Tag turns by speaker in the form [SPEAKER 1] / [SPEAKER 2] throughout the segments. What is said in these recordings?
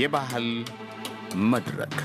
[SPEAKER 1] የባህል መድረክ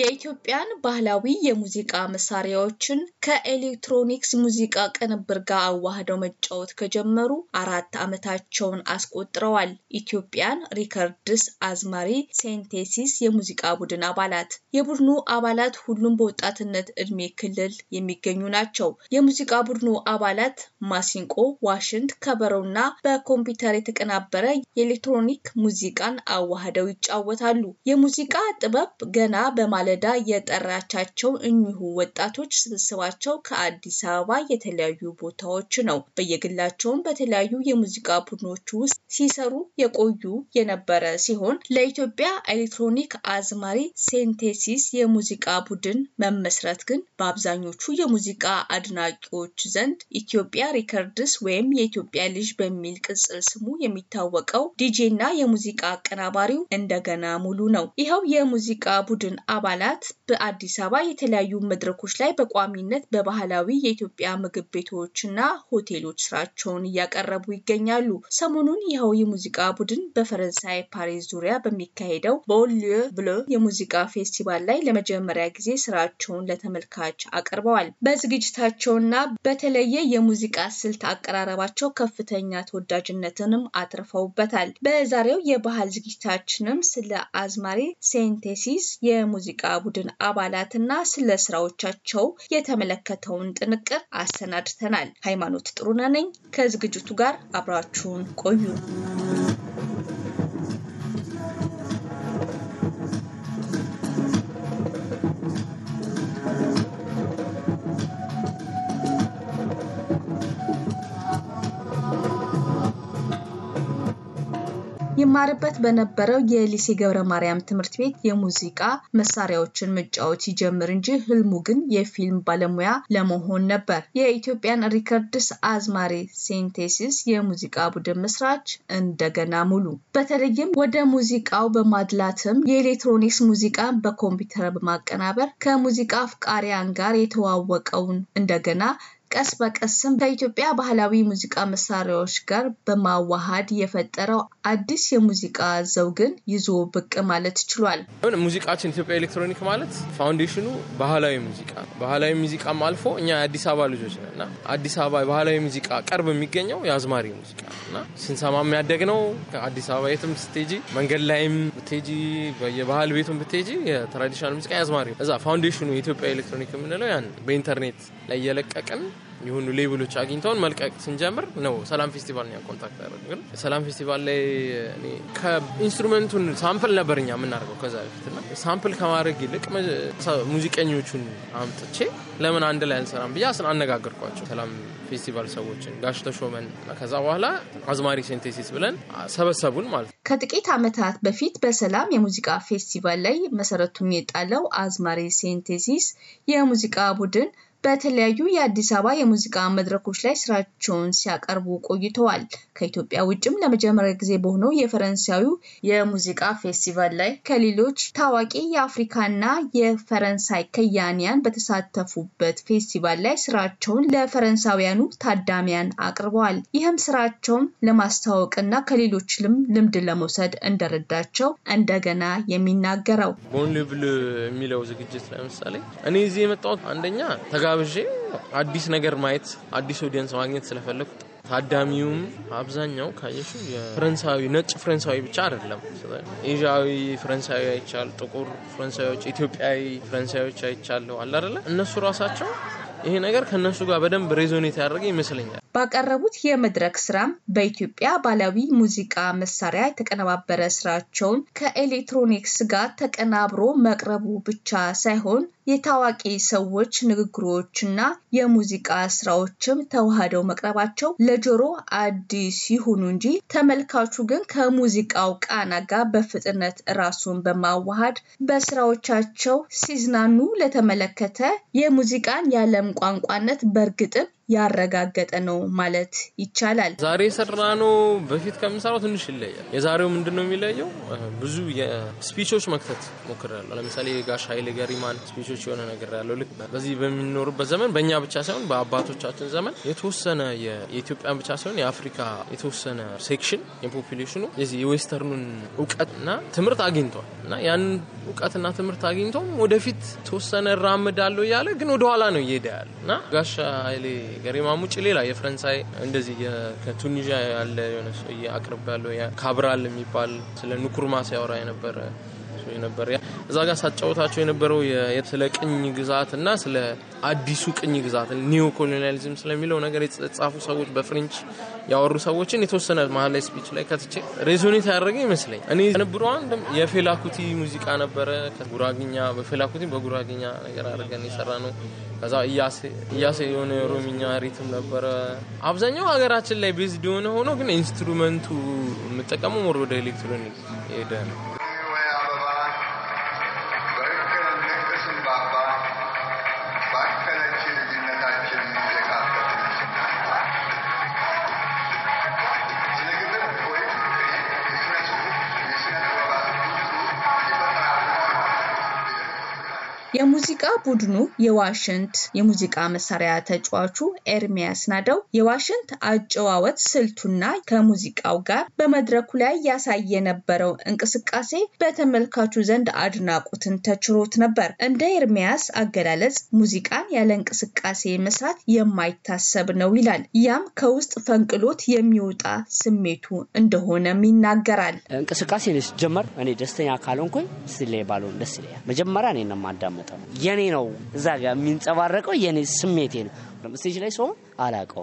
[SPEAKER 2] የኢትዮጵያን ባህላዊ የሙዚቃ መሳሪያዎችን ከኤሌክትሮኒክስ ሙዚቃ ቅንብር ጋር አዋህደው መጫወት ከጀመሩ አራት ዓመታቸውን አስቆጥረዋል። ኢትዮጵያን ሪከርድስ አዝማሪ ሴንቴሲስ የሙዚቃ ቡድን አባላት። የቡድኑ አባላት ሁሉም በወጣትነት ዕድሜ ክልል የሚገኙ ናቸው። የሙዚቃ ቡድኑ አባላት ማሲንቆ፣ ዋሽንት፣ ከበሮና በኮምፒውተር የተቀናበረ የኤሌክትሮኒክ ሙዚቃን አዋህደው ይጫወታሉ። የሙዚቃ ጥበብ ገና በማለት ማለዳ የጠራቻቸው እኚሁ ወጣቶች ስብስባቸው ከአዲስ አበባ የተለያዩ ቦታዎች ነው። በየግላቸውም በተለያዩ የሙዚቃ ቡድኖች ውስጥ ሲሰሩ የቆዩ የነበረ ሲሆን ለኢትዮጵያ ኤሌክትሮኒክ አዝማሪ ሴንቴሲስ የሙዚቃ ቡድን መመስረት ግን በአብዛኞቹ የሙዚቃ አድናቂዎች ዘንድ ኢትዮጵያ ሪከርድስ ወይም የኢትዮጵያ ልጅ በሚል ቅጽል ስሙ የሚታወቀው ዲጄ እና የሙዚቃ አቀናባሪው እንደገና ሙሉ ነው። ይኸው የሙዚቃ ቡድን አባል አባላት በአዲስ አበባ የተለያዩ መድረኮች ላይ በቋሚነት በባህላዊ የኢትዮጵያ ምግብ ቤቶችና ሆቴሎች ስራቸውን እያቀረቡ ይገኛሉ። ሰሞኑን ይኸው የሙዚቃ ቡድን በፈረንሳይ ፓሪስ ዙሪያ በሚካሄደው በኦሊዮ ብሎ የሙዚቃ ፌስቲቫል ላይ ለመጀመሪያ ጊዜ ስራቸውን ለተመልካች አቅርበዋል። በዝግጅታቸውና በተለየ የሙዚቃ ስልት አቀራረባቸው ከፍተኛ ተወዳጅነትንም አትርፈውበታል። በዛሬው የባህል ዝግጅታችንም ስለ አዝማሪ ሴንቴሲስ የሙዚቃ የሙዚቃ ቡድን አባላትና ስለ ስራዎቻቸው የተመለከተውን ጥንቅር አሰናድተናል። ሃይማኖት ጥሩነህ ነኝ። ከዝግጅቱ ጋር አብራችሁን ቆዩ። ይማርበት በነበረው የሊሴ ገብረ ማርያም ትምህርት ቤት የሙዚቃ መሳሪያዎችን መጫወት ሲጀምር እንጂ ህልሙ ግን የፊልም ባለሙያ ለመሆን ነበር። የኢትዮጵያን ሪከርድስ አዝማሪ ሴንቴሲስ የሙዚቃ ቡድን መስራች እንደገና ሙሉ በተለይም ወደ ሙዚቃው በማድላትም የኤሌክትሮኒክስ ሙዚቃን በኮምፒውተር በማቀናበር ከሙዚቃ አፍቃሪያን ጋር የተዋወቀውን እንደገና ቀስ በቀስም ከኢትዮጵያ ባህላዊ ሙዚቃ መሳሪያዎች ጋር በማዋሃድ የፈጠረው አዲስ የሙዚቃ ዘውግን ይዞ ብቅ ማለት ችሏል።
[SPEAKER 1] ሙዚቃችን ኢትዮጵያ ኤሌክትሮኒክ ማለት ፋውንዴሽኑ ባህላዊ ሙዚቃ ነው። ባህላዊ ሙዚቃም አልፎ እኛ የአዲስ አበባ ልጆች ነን እና አዲስ አበባ ባህላዊ ሙዚቃ ቅርብ የሚገኘው የአዝማሪ ሙዚቃ እና ስንሰማ የሚያደግ ነው። ከአዲስ አበባ የትም ብትሄጂ፣ መንገድ ላይም ብትሄጂ፣ የባህል ቤቱም ብትሄጂ የትራዲሽናል ሙዚቃ የአዝማሪ እዛ ፋውንዴሽኑ የኢትዮጵያ ኤሌክትሮኒክ የምንለው ያን በኢንተርኔት ላይ እየለቀቅን የሆኑ ሌብሎች አግኝተውን መልቀቅ ስንጀምር ነው ሰላም ፌስቲቫል ነው ኮንታክት ያደረግን። ሰላም ፌስቲቫል ላይ ከኢንስትሩመንቱን ሳምፕል ነበር እኛ የምናደርገው ከዛ ና ሳምፕል ከማድረግ ይልቅ ሙዚቀኞቹን አምጥቼ ለምን አንድ ላይ አልሰራም ብዬ አነጋገርኳቸው ሰላም ፌስቲቫል ሰዎችን ጋሽ ተሾመን። ከዛ በኋላ አዝማሪ ሴንቴሲስ ብለን ሰበሰቡን ማለት ነው።
[SPEAKER 2] ከጥቂት አመታት በፊት በሰላም የሙዚቃ ፌስቲቫል ላይ መሰረቱን የጣለው አዝማሪ ሴንቴሲስ የሙዚቃ ቡድን በተለያዩ የአዲስ አበባ የሙዚቃ መድረኮች ላይ ስራቸውን ሲያቀርቡ ቆይተዋል። ከኢትዮጵያ ውጭም ለመጀመሪያ ጊዜ በሆነው የፈረንሳዩ የሙዚቃ ፌስቲቫል ላይ ከሌሎች ታዋቂ የአፍሪካና የፈረንሳይ ከያኒያን በተሳተፉበት ፌስቲቫል ላይ ስራቸውን ለፈረንሳውያኑ ታዳሚያን አቅርበዋል። ይህም ስራቸውን ለማስተዋወቅና ከሌሎች ልምድ ለመውሰድ እንደረዳቸው እንደገና የሚናገረው
[SPEAKER 1] ቦን የሚለው ዝግጅት ለምሳሌ እኔ እዚህ የመጣሁት አንደኛ ጋብዤ አዲስ ነገር ማየት አዲስ ኦዲየንስ ማግኘት ስለፈለግኩ ታዳሚውም አብዛኛው ካየሽ የፈረንሳዊ ነጭ ፈረንሳዊ ብቻ አይደለም። ኤዥያዊ ፈረንሳዊ አይቻል፣ ጥቁር ፈረንሳዮች፣ ኢትዮጵያዊ ፈረንሳዮች አይቻለሁ። አለ አይደለ እነሱ ራሳቸው ይሄ ነገር ከእነሱ ጋር በደንብ ሬዞኔት ያደረገ ይመስለኛል።
[SPEAKER 2] ባቀረቡት የመድረክ ስራም በኢትዮጵያ ባህላዊ ሙዚቃ መሳሪያ የተቀነባበረ ስራቸውን ከኤሌክትሮኒክስ ጋር ተቀናብሮ መቅረቡ ብቻ ሳይሆን የታዋቂ ሰዎች ንግግሮችና የሙዚቃ ስራዎችም ተዋህደው መቅረባቸው ለጆሮ አዲስ ይሁኑ እንጂ ተመልካቹ ግን ከሙዚቃው ቃና ጋር በፍጥነት ራሱን በማዋሃድ በስራዎቻቸው ሲዝናኑ ለተመለከተ የሙዚቃን የዓለም ቋንቋነት በእርግጥም ያረጋገጠ ነው ማለት ይቻላል።
[SPEAKER 1] ዛሬ ነው በፊት ከምንሰራው ትንሽ ይለያል። የዛሬው ምንድን ነው የሚለየው? ብዙ ስፒቾች መክተት ሞክሬያለሁ። ለምሳሌ ጋሽ ኃይሌ ገሪማን ስፒቾች የሆነ ነገር ያለው ልክ በዚህ በሚኖሩበት ዘመን በእኛ ብቻ ሳይሆን በአባቶቻችን ዘመን የተወሰነ የኢትዮጵያን ብቻ ሳይሆን የአፍሪካ የተወሰነ ሴክሽን የፖፕሌሽኑ የዌስተርኑን እውቀትና ትምህርት አግኝቷል እና ያንን እውቀትና ትምህርት አግኝቶም ወደፊት ተወሰነ ራምዳለው እያለ ግን ወደኋላ ነው እየሄደ ያለ እና ጋሻ ኃይሌ ገሪማም ውጭ ሌላ የፈረንሳይ እንደዚህ ከቱኒዥያ ያለ የሆነ አቅርብ ያለው ካብራል የሚባል ስለ ንኩርማ ሲያወራ የነበረ ነበር። እዛ ጋር ሳጫወታቸው የነበረው ስለ ቅኝ ግዛት እና ስለ አዲሱ ቅኝ ግዛት ኒዮ ኮሎኒያሊዝም ስለሚለው ነገር የተጻፉ ሰዎች በፍሬንች ያወሩ ሰዎችን የተወሰነ መሀል ላይ ስፒች ላይ ከትቼ ሬዞኔት ያደረገ ይመስለኝ። እኔ ንብሮ የፌላኩቲ ሙዚቃ ነበረ ከጉራግኛ በፌላኩቲ በጉራግኛ ነገር አድርገን የሰራ ነው። ከዛ እያሴ የሆነ የኦሮምኛ ሪትም ነበረ። አብዛኛው ሀገራችን ላይ ቤዝድ የሆነ ሆኖ ግን ኢንስትሩመንቱ የምጠቀመው ወደ ኤሌክትሮኒክ ሄደ ነው።
[SPEAKER 2] የሙዚቃ ቡድኑ የዋሽንት የሙዚቃ መሳሪያ ተጫዋቹ ኤርሚያስ ናደው የዋሽንት አጨዋወት ስልቱና ከሙዚቃው ጋር በመድረኩ ላይ ያሳይ የነበረው እንቅስቃሴ በተመልካቹ ዘንድ አድናቆትን ተችሮት ነበር። እንደ ኤርሚያስ አገላለጽ ሙዚቃን ያለ እንቅስቃሴ መስራት የማይታሰብ ነው ይላል። ያም ከውስጥ ፈንቅሎት የሚወጣ ስሜቱ እንደሆነም ይናገራል።
[SPEAKER 3] እንቅስቃሴ ጀመር እኔ ደስተኛ ካልሆንኩኝ ስለ ባልሆን ደስ ይለኛል። መጀመሪያ እኔ ነው የምቀመጠው። የኔ ነው እዛ ጋር የሚንጸባረቀው የኔ ስሜቴ ነው። ስቴጅ ላይ ሰው አላቀው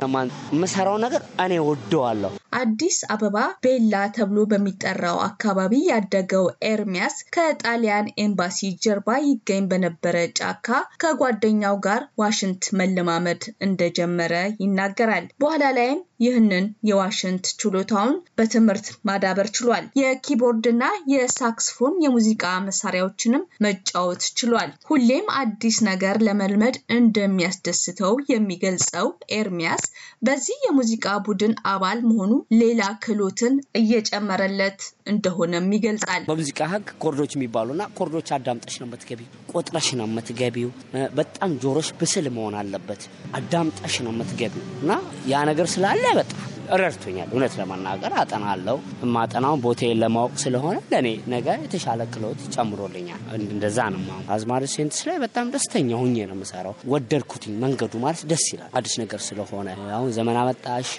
[SPEAKER 3] የምሰራው ነገር እኔ ወደዋለሁ።
[SPEAKER 2] አዲስ አበባ ቤላ ተብሎ በሚጠራው አካባቢ ያደገው ኤርሚያስ ከጣሊያን ኤምባሲ ጀርባ ይገኝ በነበረ ጫካ ከጓደኛው ጋር ዋሽንት መለማመድ እንደጀመረ ይናገራል። በኋላ ላይም ይህንን የዋሽንት ችሎታውን በትምህርት ማዳበር ችሏል። የኪቦርድና የሳክስፎን የሙዚቃ መሳሪያዎችንም መጫወት ችሏል። ሁሌም አዲስ ነገር ለመልመድ እንደሚያስደስተው የሚ የሚገልጸው ኤርሚያስ በዚህ የሙዚቃ ቡድን አባል መሆኑ ሌላ ክህሎትን እየጨመረለት እንደሆነም ይገልጻል።
[SPEAKER 3] በሙዚቃ ህግ ኮርዶች የሚባሉና ኮርዶች አዳምጠሽ ነው የምትገቢው፣ ቆጥረሽ ነው የምትገቢው። በጣም ጆሮሽ ብስል መሆን አለበት። አዳምጠሽ ነው የምትገቢው እና ያ ነገር ስላለ በጣም ረድቶኛል። እውነት ለመናገር አጠናለው የማጠናውን ቦታዬን ለማወቅ ስለሆነ ለእኔ ነገ የተሻለ ክሎት ጨምሮልኛል። እንደዛ ነው አዝማሪ ሴንትስ ላይ በጣም ደስተኛ ሁኜ ነው የምሰራው። ወደድኩትኝ። መንገዱ ማለት ደስ ይላል፣ አዲስ ነገር ስለሆነ አሁን ዘመን አመጣሽ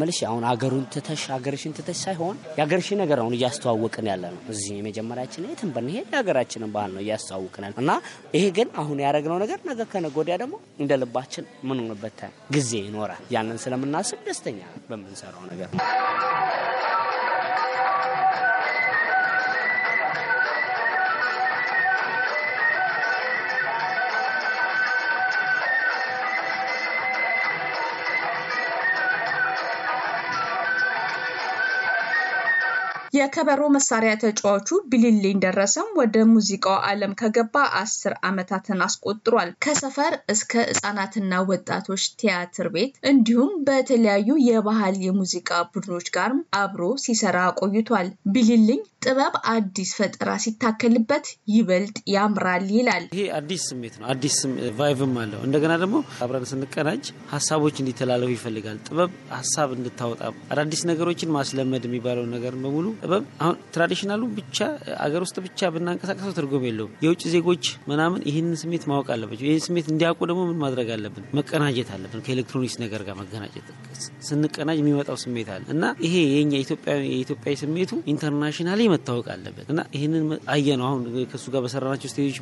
[SPEAKER 3] ምልሽ አሁን አገሩን ትተሽ አገርሽን ትተሽ ሳይሆን የአገርሽን ነገር አሁን እያስተዋወቅን ያለ ነው። እዚህ የመጀመሪያችን የትም ብንሄድ የሀገራችንን ባህል ነው እያስተዋወቅናል እና ይሄ ግን አሁን ያደረግነው ነገር ነገ ከነገ ወዲያ ደግሞ እንደ ልባችን ምንሆንበት ጊዜ ይኖራል። ያንን ስለምናስብ ደስተኛ በምን የምንሰራው ነገር
[SPEAKER 2] የከበሮ መሳሪያ ተጫዋቹ ቢልልኝ ደረሰም ወደ ሙዚቃው ዓለም ከገባ አስር ዓመታትን አስቆጥሯል። ከሰፈር እስከ ህጻናትና ወጣቶች ቲያትር ቤት እንዲሁም በተለያዩ የባህል የሙዚቃ ቡድኖች ጋርም አብሮ ሲሰራ ቆይቷል። ቢልልኝ ጥበብ አዲስ ፈጠራ ሲታከልበት
[SPEAKER 4] ይበልጥ ያምራል ይላል። ይሄ አዲስ ስሜት ነው። አዲስ ቫይቭም አለው። እንደገና ደግሞ አብረን ስንቀናጅ ሀሳቦች እንዲተላለፉ ይፈልጋል። ጥበብ ሀሳብ እንድታወጣ አዳዲስ ነገሮችን ማስለመድ የሚባለው ነገር በሙሉ ጥበብ አሁን ትራዲሽናሉ ብቻ አገር ውስጥ ብቻ ብናንቀሳቀሰው ትርጉም የለውም። የውጭ ዜጎች ምናምን ይህንን ስሜት ማወቅ አለባቸው። ይህን ስሜት እንዲያውቁ ደግሞ ምን ማድረግ አለብን? መቀናጀት አለብን። ከኤሌክትሮኒክስ ነገር ጋር መገናጀት ስንቀናጅ የሚመጣው ስሜት አለ እና ይሄ የኛ የኢትዮጵያ ስሜቱ ኢንተርናሽናሊ መታወቅ አለበት እና ይህንን አየ ነው። አሁን ከሱ ጋር በሰራናቸው ስቴጆች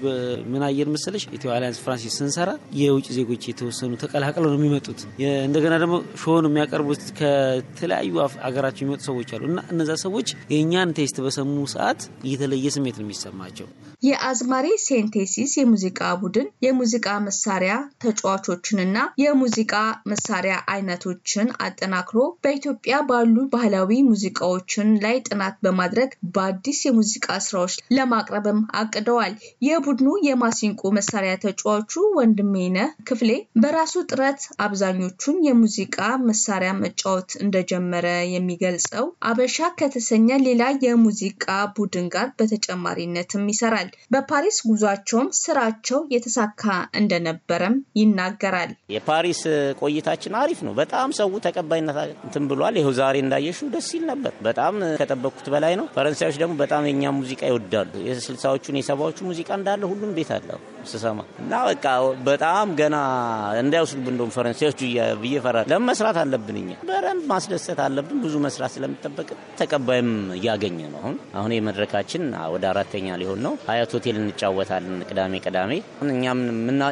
[SPEAKER 4] ምን አየን መሰለሽ? ኢትዮ አሊያንስ ፍራንሲስ ስንሰራ የውጭ ዜጎች የተወሰኑ ተቀላቅለው ነው የሚመጡት። እንደገና ደግሞ ሾውን የሚያቀርቡት ከተለያዩ አገራቸው የሚመጡ ሰዎች አሉ እና እነዛ ሰዎች የእኛን ቴስት በሰሙ ሰዓት የተለየ ስሜት ነው የሚሰማቸው።
[SPEAKER 2] የአዝማሪ ሴንቴሲስ የሙዚቃ ቡድን የሙዚቃ መሳሪያ ተጫዋቾችንና የሙዚቃ መሳሪያ አይነቶችን አጠናክሮ በኢትዮጵያ ባሉ ባህላዊ ሙዚቃዎችን ላይ ጥናት በማድረግ በአዲስ የሙዚቃ ስራዎች ለማቅረብም አቅደዋል። የቡድኑ የማሲንቆ መሳሪያ ተጫዋቹ ወንድሜነህ ክፍሌ በራሱ ጥረት አብዛኞቹን የሙዚቃ መሳሪያ መጫወት እንደጀመረ የሚገልጸው አበሻ ከተሰኘ ሌላ የሙዚቃ ቡድን ጋር በተጨማሪነትም ይሰራል። በፓሪስ ጉዟቸውም ስራቸው የተሳካ እንደነበረም ይናገራል።
[SPEAKER 3] የፓሪስ ቆይታችን አሪፍ ነው። በጣም ሰው ተቀባይነት እንትን ብሏል። ይኸው ዛሬ እንዳየሽው ደስ ይል ነበር። በጣም ከጠበቅኩት በላይ ነው። ፈረንሳዮች ደግሞ በጣም የኛ ሙዚቃ ይወዳሉ። የስልሳዎቹን የሰባዎቹ ሙዚቃ እንዳለ ሁሉም ቤት አለው ስሰማ እና በቃ በጣም ገና እንዳይወስዱብን እንደውም ፈረንሳዮቹ ብዬ ፈራ ለመስራት አለብን እኛ በደንብ ማስደሰት አለብን። ብዙ መስራት ስለሚጠበቅ ተቀባይም እያገኘ ነው። አሁን አሁን የመድረካችን ወደ አራተኛ ሊሆን ነው። ሀያት ሆቴል እንጫወታለን ቅዳሜ ቅዳሜ። እኛም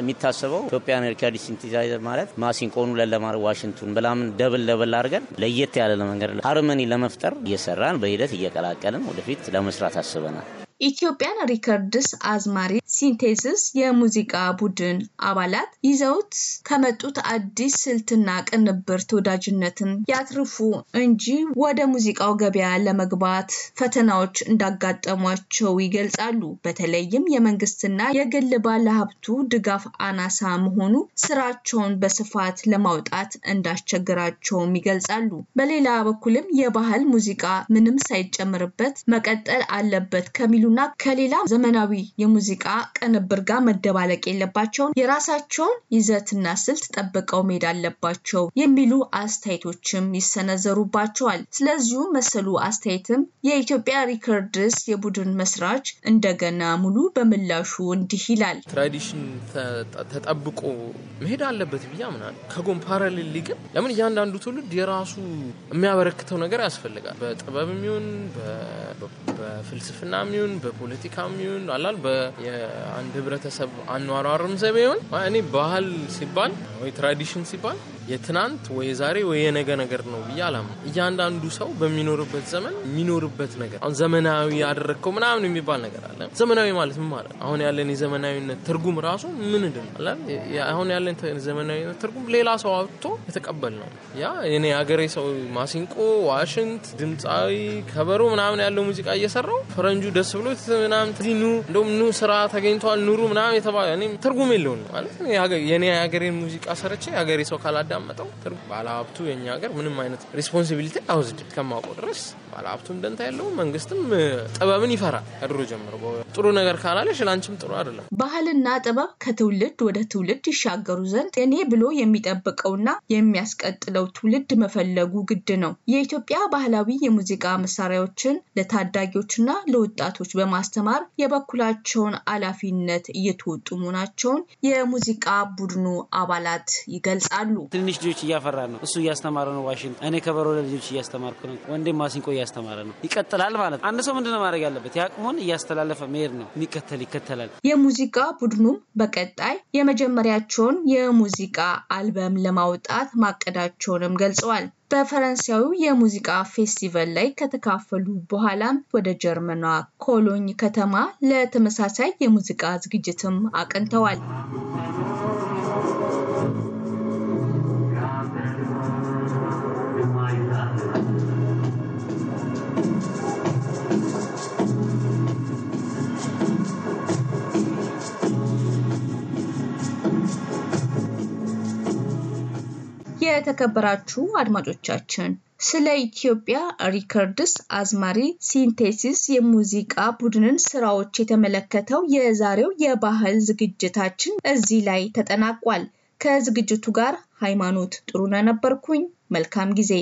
[SPEAKER 3] የሚታሰበው ኢትዮጵያን ሪከርድ ሲንቲሳይዘር ማለት ማሲንቆኑ ለለማር ዋሽንቱን ብላምን ደብል ደብል አድርገን ለየት ያለ ለመንገድ ሀርመኒ ለመፍጠር እየሰራን በሂደት እየቀላቀልን ወደፊት ለመስራት አስበናል።
[SPEAKER 2] ኢትዮጵያን ሪከርድስ አዝማሪ ሲንቴሲስ የሙዚቃ ቡድን አባላት ይዘውት ከመጡት አዲስ ስልትና ቅንብር ተወዳጅነትን ያትርፉ እንጂ ወደ ሙዚቃው ገበያ ለመግባት ፈተናዎች እንዳጋጠሟቸው ይገልጻሉ። በተለይም የመንግስትና የግል ባለሀብቱ ድጋፍ አናሳ መሆኑ ስራቸውን በስፋት ለማውጣት እንዳስቸግራቸውም ይገልጻሉ። በሌላ በኩልም የባህል ሙዚቃ ምንም ሳይጨምርበት መቀጠል አለበት ከሚሉ እና ከሌላ ዘመናዊ የሙዚቃ ቅንብር ጋር መደባለቅ የለባቸውን የራሳቸውን ይዘትና ስልት ጠብቀው መሄድ አለባቸው የሚሉ አስተያየቶችም ይሰነዘሩባቸዋል። ስለዚሁም መሰሉ አስተያየትም የኢትዮጵያ ሪከርድስ የቡድን መስራች እንደገና ሙሉ በምላሹ እንዲህ ይላል።
[SPEAKER 1] ትራዲሽን ተጠብቆ መሄድ አለበት ብዬ አምናለሁ። ከጎን ፓራሌል ግን ለምን እያንዳንዱ ትውልድ የራሱ የሚያበረክተው ነገር ያስፈልጋል። በጥበብ ሚሆን በፍልስፍና ሚሆን ይሁን በፖለቲካም ይሁን አላል የአንድ ህብረተሰብ አኗሯርም ዘቤ ይሁን እኔ ባህል ሲባል ወይ ትራዲሽን ሲባል የትናንት ወይ ዛሬ ወይ የነገ ነገር ነው ብዬ አላምነው። እያንዳንዱ ሰው በሚኖርበት ዘመን የሚኖርበት ነገር አሁን ዘመናዊ ያደረግከው ምናምን የሚባል ነገር አለ። ዘመናዊ ማለት ምን ማለት? አሁን ያለን የዘመናዊነት ትርጉም ራሱ ምን ድን አሁን ያለን ዘመናዊነት ትርጉም ሌላ ሰው አውጥቶ የተቀበል ነው። ያ እኔ ሀገሬ ሰው ማሲንቆ፣ ዋሽንት፣ ድምፃዊ፣ ከበሮ ምናምን ያለው ሙዚቃ እየሰራው ፈረንጁ ደስ ብሎት ምናምን ኑ እንደውም ኑ ስራ ተገኝተዋል ኑሩ ምናምን የተባለ ትርጉም የለውም ማለት የኔ ሀገሬን ሙዚቃ ሰርቼ ሀገሬ ሰው ካላዳ የተቀመጠው ጥሩ ባለሀብቱ የኛ ሀገር ምንም አይነት ሪስፖንሲቢሊቲ አውዝድም እስከማውቀው ድረስ ባለሀብቱም ደንታ ያለው መንግስትም ጥበብን ይፈራል ከድሮ ጀምሮ። ጥሩ ነገር ካላለሽ ለአንቺም ጥሩ አይደለም።
[SPEAKER 2] ባህልና ጥበብ ከትውልድ ወደ ትውልድ ይሻገሩ ዘንድ እኔ ብሎ የሚጠብቀውና የሚያስቀጥለው ትውልድ መፈለጉ ግድ ነው። የኢትዮጵያ ባህላዊ የሙዚቃ መሳሪያዎችን ለታዳጊዎችና ለወጣቶች በማስተማር የበኩላቸውን ኃላፊነት እየተወጡ መሆናቸውን የሙዚቃ ቡድኑ አባላት
[SPEAKER 4] ይገልጻሉ። ትንንሽ ልጆች እያፈራ ነው። እሱ እያስተማረ ነው ዋሽንት እኔ ከበሮ ለልጆች እያስተማርኩ ነው። ወንዴ ማሲንቆ እያስተማረ ነው። ይቀጥላል ማለት ነው። አንድ ሰው ምንድነው ማድረግ ያለበት? የአቅሙን እያስተላለፈ መሄድ ነው። የሚከተል ይከተላል።
[SPEAKER 2] የሙዚቃ ቡድኑም በቀጣይ የመጀመሪያቸውን የሙዚቃ አልበም ለማውጣት ማቀዳቸውንም ገልጸዋል። በፈረንሳዊ የሙዚቃ ፌስቲቫል ላይ ከተካፈሉ በኋላም ወደ ጀርመኗ ኮሎኝ ከተማ ለተመሳሳይ የሙዚቃ ዝግጅትም አቅንተዋል። የተከበራችሁ አድማጮቻችን ስለ ኢትዮጵያ ሪከርድስ አዝማሪ ሲንቴሲስ የሙዚቃ ቡድንን ስራዎች የተመለከተው የዛሬው የባህል ዝግጅታችን እዚህ ላይ ተጠናቋል። ከዝግጅቱ ጋር ሃይማኖት ጥሩነህ ነበርኩኝ። መልካም ጊዜ።